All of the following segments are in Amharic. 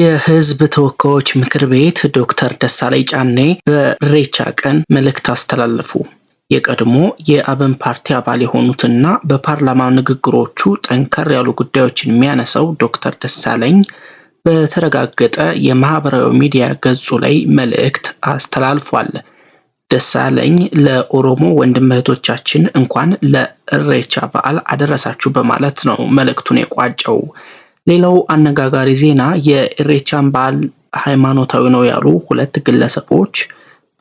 የህዝብ ተወካዮች ምክር ቤት ዶክተር ደሳለኝ ጫኔ በኢሬቻ ቀን መልእክት አስተላለፉ። የቀድሞ የአብን ፓርቲ አባል የሆኑትና በፓርላማ ንግግሮቹ ጠንከር ያሉ ጉዳዮችን የሚያነሳው ዶክተር ደሳለኝ በተረጋገጠ የማህበራዊ ሚዲያ ገጹ ላይ መልእክት አስተላልፏል። ደሳለኝ ለኦሮሞ ወንድም እህቶቻችን እንኳን ለኢሬቻ በዓል አደረሳችሁ በማለት ነው መልእክቱን የቋጨው። ሌላው አነጋጋሪ ዜና የኢሬቻን በዓል ሃይማኖታዊ ነው ያሉ ሁለት ግለሰቦች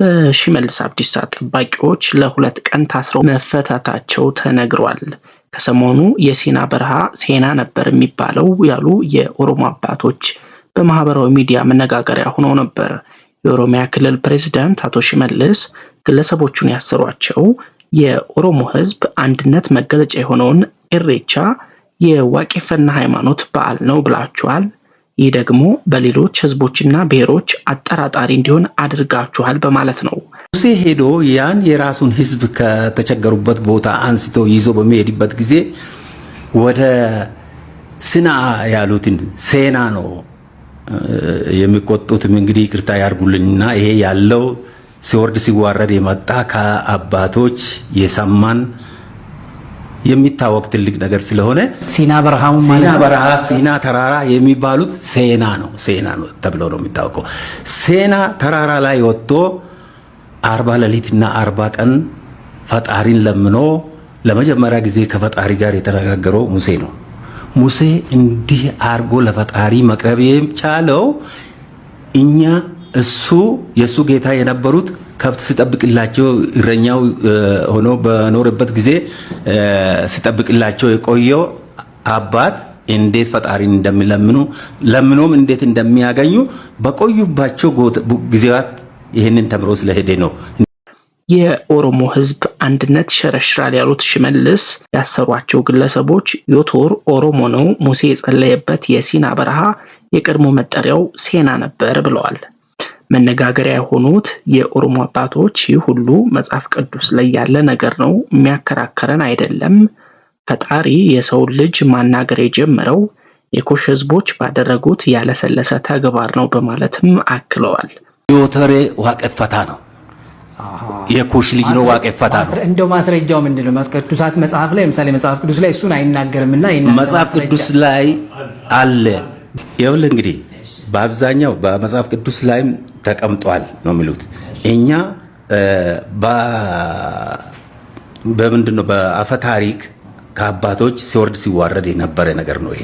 በሽመልስ አብዲሳ ጠባቂዎች ለሁለት ቀን ታስረው መፈታታቸው ተነግሯል። ከሰሞኑ የሴና በረሃ ሴና ነበር የሚባለው ያሉ የኦሮሞ አባቶች በማህበራዊ ሚዲያ መነጋገሪያ ሆነው ነበር። የኦሮሚያ ክልል ፕሬዝዳንት አቶ ሽመልስ ግለሰቦቹን ያሰሯቸው የኦሮሞ ሕዝብ አንድነት መገለጫ የሆነውን ኢሬቻ የዋቄፈና ሃይማኖት በዓል ነው ብላችኋል። ይህ ደግሞ በሌሎች ህዝቦችና ብሔሮች አጠራጣሪ እንዲሆን አድርጋችኋል በማለት ነው። ሙሴ ሄዶ ያን የራሱን ህዝብ ከተቸገሩበት ቦታ አንስቶ ይዞ በሚሄድበት ጊዜ ወደ ስና ያሉትን ሴና ነው የሚቆጡትም እንግዲህ ቅርታ ያርጉልኝና ይሄ ያለው ሲወርድ ሲዋረድ የመጣ ከአባቶች የሰማን የሚታወቅ ትልቅ ነገር ስለሆነ ሲና በረሃው ሲና በረሃ ሲና ተራራ የሚባሉት ሴና ነው ሴና ነው ተብሎ ነው የሚታወቀው። ሴና ተራራ ላይ ወጥቶ አርባ ሌሊትና አርባ ቀን ፈጣሪን ለምኖ ለመጀመሪያ ጊዜ ከፈጣሪ ጋር የተነጋገረው ሙሴ ነው። ሙሴ እንዲህ አርጎ ለፈጣሪ መቅረብ የቻለው እኛ እሱ የእሱ ጌታ የነበሩት ከብት ሲጠብቅላቸው እረኛው ሆኖ በኖርበት ጊዜ ሲጠብቅላቸው የቆየው አባት እንዴት ፈጣሪን እንደሚለምኑ ለምኖም እንዴት እንደሚያገኙ በቆዩባቸው ጊዜያት ይህንን ተምሮ ስለሄደ ነው። የኦሮሞ ሕዝብ አንድነት ይሸረሽራል ያሉት ሽመልስ ያሰሯቸው ግለሰቦች ዮቶር ኦሮሞ ነው፣ ሙሴ የጸለየበት የሲና በረሃ የቀድሞ መጠሪያው ሴና ነበር ብለዋል። መነጋገሪያ የሆኑት የኦሮሞ አባቶች ይህ ሁሉ መጽሐፍ ቅዱስ ላይ ያለ ነገር ነው፣ የሚያከራከረን አይደለም፣ ፈጣሪ የሰውን ልጅ ማናገር የጀመረው የኩሽ ህዝቦች ባደረጉት ያለሰለሰ ተግባር ነው በማለትም አክለዋል። ዮተሬ ዋቀፈታ ነው የኩሽ ልጅ ነው ዋቀፈታ ነው። እንደው ማስረጃው ምንድን ነው? ቅዱሳት መጽሐፍ ላይ ለምሳሌ መጽሐፍ ቅዱስ ላይ እሱን አይናገርምና መጽሐፍ ቅዱስ ላይ አለ። ይኸውልህ እንግዲህ በአብዛኛው በመጽሐፍ ቅዱስ ላይም ተቀምጧል ነው የሚሉት። እኛ በምንድን ነው በአፈ ታሪክ ከአባቶች ሲወርድ ሲዋረድ የነበረ ነገር ነው ይሄ።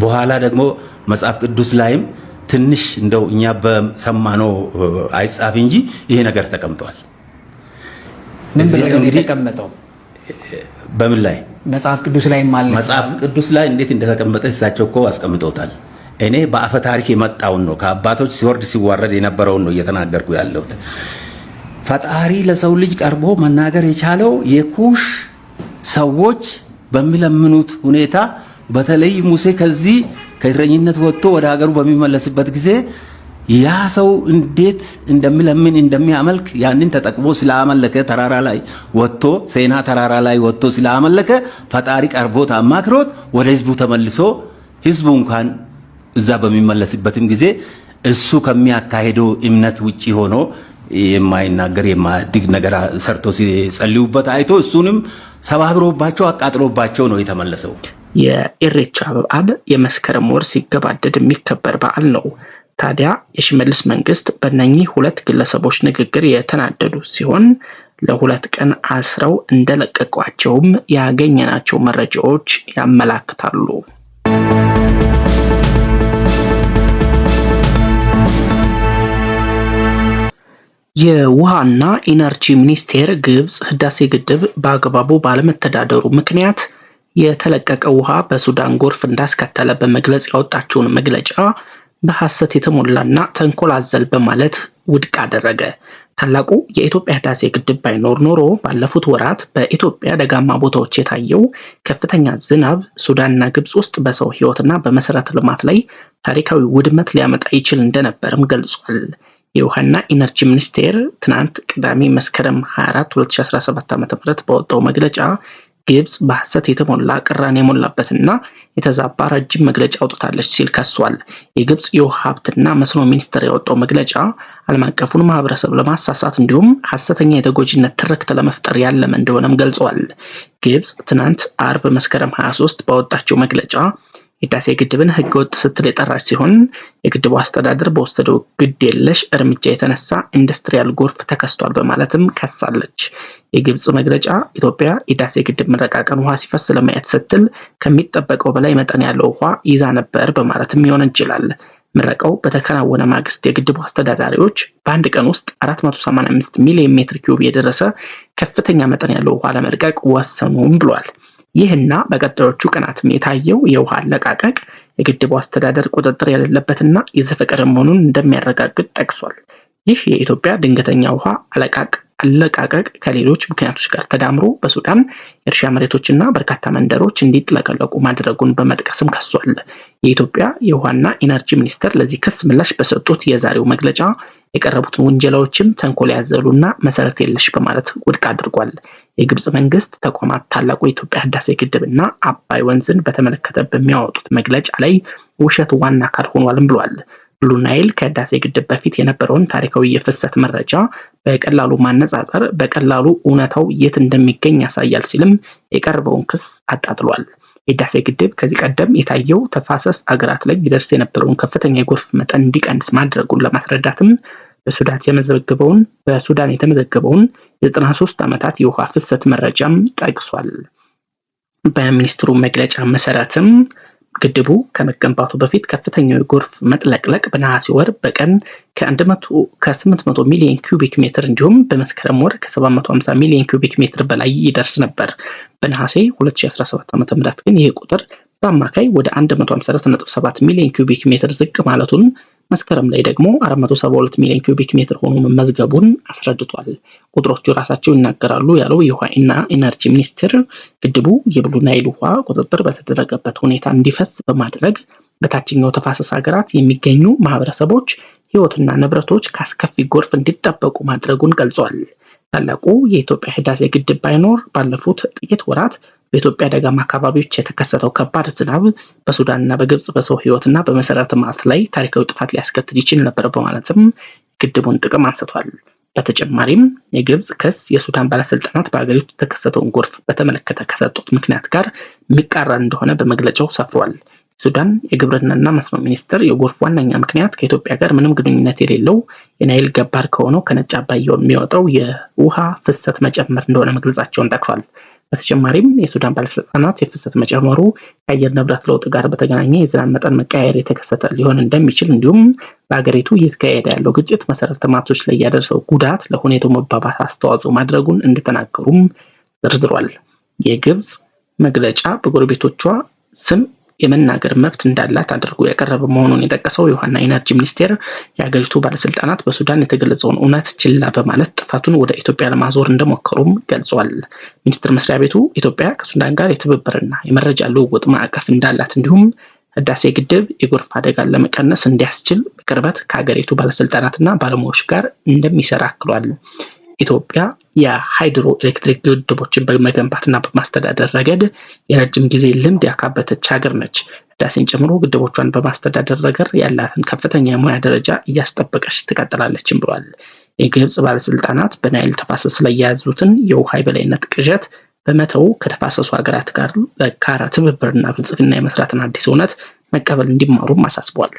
በኋላ ደግሞ መጽሐፍ ቅዱስ ላይም ትንሽ እንደው እኛ በሰማነው አይጻፍ እንጂ ይሄ ነገር ተቀምጧል። በምን ላይ? መጽሐፍ ቅዱስ ላይ ማለት መጽሐፍ ቅዱስ ላይ እንዴት እንደተቀመጠ እሳቸው እኮ አስቀምጠውታል። እኔ በአፈ ታሪክ የመጣውን ነው ከአባቶች ሲወርድ ሲዋረድ የነበረውን ነው እየተናገርኩ ያለሁት። ፈጣሪ ለሰው ልጅ ቀርቦ መናገር የቻለው የኩሽ ሰዎች በሚለምኑት ሁኔታ በተለይ ሙሴ ከዚህ ከእረኝነት ወጥቶ ወደ ሀገሩ በሚመለስበት ጊዜ ያ ሰው እንዴት እንደሚለምን እንደሚያመልክ ያንን ተጠቅሞ ስላመለከ ተራራ ላይ ወጥቶ ሴና ተራራ ላይ ወጥቶ ስላመለከ ፈጣሪ ቀርቦት አማክሮት ወደ ህዝቡ ተመልሶ ህዝቡ እንኳን እዛ በሚመለስበትም ጊዜ እሱ ከሚያካሄደው እምነት ውጪ ሆኖ የማይናገር የማያድግ ነገር ሰርቶ ሲጸልዩበት አይቶ እሱንም ሰባብሮባቸው አቃጥሎባቸው ነው የተመለሰው። የኢሬቻ በዓል የመስከረም ወር ሲገባደድ የሚከበር በዓል ነው። ታዲያ የሽመልስ መንግስት በእነኚህ ሁለት ግለሰቦች ንግግር የተናደዱ ሲሆን ለሁለት ቀን አስረው እንደለቀቋቸውም ያገኘናቸው መረጃዎች ያመላክታሉ። የውሃና ኢነርጂ ሚኒስቴር ግብፅ ህዳሴ ግድብ በአግባቡ ባለመተዳደሩ ምክንያት የተለቀቀ ውሃ በሱዳን ጎርፍ እንዳስከተለ በመግለጽ ያወጣችውን መግለጫ በሐሰት የተሞላና ተንኮል አዘል በማለት ውድቅ አደረገ። ታላቁ የኢትዮጵያ ህዳሴ ግድብ ባይኖር ኖሮ ባለፉት ወራት በኢትዮጵያ ደጋማ ቦታዎች የታየው ከፍተኛ ዝናብ ሱዳንና ግብፅ ውስጥ በሰው ህይወትና በመሰረተ ልማት ላይ ታሪካዊ ውድመት ሊያመጣ ይችል እንደነበርም ገልጿል። የውሃና ኢነርጂ ሚኒስቴር ትናንት ቅዳሜ መስከረም 24 2017 ዓ.ም በወጣው መግለጫ ግብጽ በሐሰት የተሞላ ቅራኔ የሞላበትና የተዛባ ረጅም መግለጫ አውጥታለች ሲል ከሷል። የግብጽ የውሃ ሀብትና መስኖ ሚኒስቴር ያወጣው መግለጫ ዓለም አቀፉን ማህበረሰብ ለማሳሳት እንዲሁም ሐሰተኛ የተጎጂነት ትርክት ለመፍጠር ያለመ እንደሆነም ገልጿል። ግብፅ ትናንት አርብ መስከረም 23 ባወጣቸው መግለጫ ህዳሴ ግድብን ህገወጥ ስትል የጠራች ሲሆን የግድቡ አስተዳደር በወሰደው ግድ የለሽ እርምጃ የተነሳ ኢንዱስትሪያል ጎርፍ ተከስቷል በማለትም ከሳለች። የግብፅ መግለጫ ኢትዮጵያ የህዳሴ ግድብ መረቃቀን ውሃ ሲፈስ ለማየት ስትል ከሚጠበቀው በላይ መጠን ያለው ውሃ ይዛ ነበር በማለትም እንችላል። ምረቃው በተከናወነ ማግስት የግድቡ አስተዳዳሪዎች በአንድ ቀን ውስጥ 485 ሚሊዮን ሜትር ኪዩብ የደረሰ ከፍተኛ መጠን ያለው ውሃ ለመልቀቅ ወሰኑም ብሏል። ይህና በቀጣዮቹ ቀናትም የታየው የውሃ አለቃቀቅ የግድቡ አስተዳደር ቁጥጥር የሌለበትና የዘፈቀደ መሆኑን እንደሚያረጋግጥ ጠቅሷል። ይህ የኢትዮጵያ ድንገተኛ ውሃ አለቃቀቅ ከሌሎች ምክንያቶች ጋር ተዳምሮ በሱዳን የእርሻ መሬቶችና በርካታ መንደሮች እንዲጥለቀለቁ ማድረጉን በመጥቀስም ከሷል። የኢትዮጵያ የውሃና ኢነርጂ ሚኒስቴር ለዚህ ክስ ምላሽ በሰጡት የዛሬው መግለጫ የቀረቡትን ውንጀላዎችም ተንኮል ያዘሉና መሰረት የለሽ በማለት ውድቅ አድርጓል። የግብጽ መንግስት ተቋማት ታላቁ የኢትዮጵያ ህዳሴ ግድብ እና አባይ ወንዝን በተመለከተ በሚያወጡት መግለጫ ላይ ውሸት ዋና አካል ሆኗልም ብሏል። ብሉ ናይል ከህዳሴ ግድብ በፊት የነበረውን ታሪካዊ የፍሰት መረጃ በቀላሉ ማነጻጸር በቀላሉ እውነታው የት እንደሚገኝ ያሳያል ሲልም የቀረበውን ክስ አጣጥሏል። የህዳሴ ግድብ ከዚህ ቀደም የታየው ተፋሰስ አገራት ላይ ይደርስ የነበረውን ከፍተኛ የጎርፍ መጠን እንዲቀንስ ማድረጉን ለማስረዳትም በሱዳን የመዘገበውን በሱዳን የተመዘገበውን የ93 ዓመታት የውሃ ፍሰት መረጃም ጠቅሷል። በሚኒስትሩ መግለጫ መሰረትም ግድቡ ከመገንባቱ በፊት ከፍተኛው የጎርፍ መጥለቅለቅ በነሐሴ ወር በቀን ከ800 ሚሊዮን ኪዩቢክ ሜትር እንዲሁም በመስከረም ወር ከ750 ሚሊዮን ኪዩቢክ ሜትር በላይ ይደርስ ነበር። በነሐሴ 2017 ም ግን ይህ ቁጥር በአማካይ ወደ 157 ሚሊዮን ኪዩቢክ ሜትር ዝቅ ማለቱን መስከረም ላይ ደግሞ 472 ሚሊዮን ኪዩቢክ ሜትር ሆኖ መመዝገቡን አስረድቷል። ቁጥሮቹ ራሳቸው ይናገራሉ ያለው የውሃ እና ኢነርጂ ሚኒስቴር ግድቡ የብሉ ናይል ውሃ ቁጥጥር በተደረገበት ሁኔታ እንዲፈስ በማድረግ በታችኛው ተፋሰስ ሀገራት የሚገኙ ማህበረሰቦች ህይወትና ንብረቶች ከአስከፊ ጎርፍ እንዲጠበቁ ማድረጉን ገልጿል። ታላቁ የኢትዮጵያ ህዳሴ ግድብ ባይኖር ባለፉት ጥቂት ወራት በኢትዮጵያ ደጋማ አካባቢዎች የተከሰተው ከባድ ዝናብ በሱዳንና በግብጽ በሰው ሕይወትና በመሰረተ ልማት ላይ ታሪካዊ ጥፋት ሊያስከትል ይችል ነበር በማለትም ግድቡን ጥቅም አንስቷል። በተጨማሪም የግብጽ ክስ የሱዳን ባለስልጣናት በሀገሪቱ የተከሰተውን ጎርፍ በተመለከተ ከሰጡት ምክንያት ጋር የሚቃረን እንደሆነ በመግለጫው ሰፍሯል። ሱዳን የግብርናና መስኖ ሚኒስትር የጎርፍ ዋነኛ ምክንያት ከኢትዮጵያ ጋር ምንም ግንኙነት የሌለው የናይል ገባር ከሆነው ከነጭ አባይ የሚወጣው የውሃ ፍሰት መጨመር እንደሆነ መግለጻቸውን ጠቅሷል። በተጨማሪም የሱዳን ባለስልጣናት የፍሰት መጨመሩ ከአየር ንብረት ለውጥ ጋር በተገናኘ የዝናብ መጠን መቀያየር የተከሰተ ሊሆን እንደሚችል እንዲሁም በሀገሪቱ እየተካሄደ ያለው ግጭት መሰረተ ልማቶች ላይ ያደረሰው ጉዳት ለሁኔታው መባባት አስተዋጽኦ ማድረጉን እንደተናገሩም ዘርዝሯል። የግብፅ መግለጫ በጎረቤቶቿ ስም የመናገር መብት እንዳላት አድርጎ ያቀረበ መሆኑን የጠቀሰው የውሃና ኢነርጂ ሚኒስቴር የሀገሪቱ ባለስልጣናት በሱዳን የተገለጸውን እውነት ችላ በማለት ጥፋቱን ወደ ኢትዮጵያ ለማዞር እንደሞከሩም ገልጿል። ሚኒስቴር መስሪያ ቤቱ ኢትዮጵያ ከሱዳን ጋር የትብብርና የመረጃ ልውውጥ ማዕቀፍ እንዳላት እንዲሁም ህዳሴ ግድብ የጎርፍ አደጋን ለመቀነስ እንዲያስችል በቅርበት ከሀገሪቱ ባለስልጣናትና ባለሙያዎች ጋር እንደሚሰራ አክሏል። ኢትዮጵያ የሃይድሮ ኤሌክትሪክ ግድቦችን በመገንባትና በማስተዳደር ረገድ የረጅም ጊዜ ልምድ ያካበተች ሀገር ነች። ህዳሴን ጨምሮ ግድቦቿን በማስተዳደር ረገድ ያላትን ከፍተኛ የሙያ ደረጃ እያስጠበቀች ትቀጥላለችም ብሏል። የግብፅ ባለስልጣናት በናይል ተፋሰስ ላይ የያዙትን የውሃ የበላይነት ቅዠት በመተው ከተፋሰሱ ሀገራት ጋር በጋራ ትብብርና ብልጽግና የመስራትን አዲስ እውነት መቀበል እንዲማሩም አሳስቧል።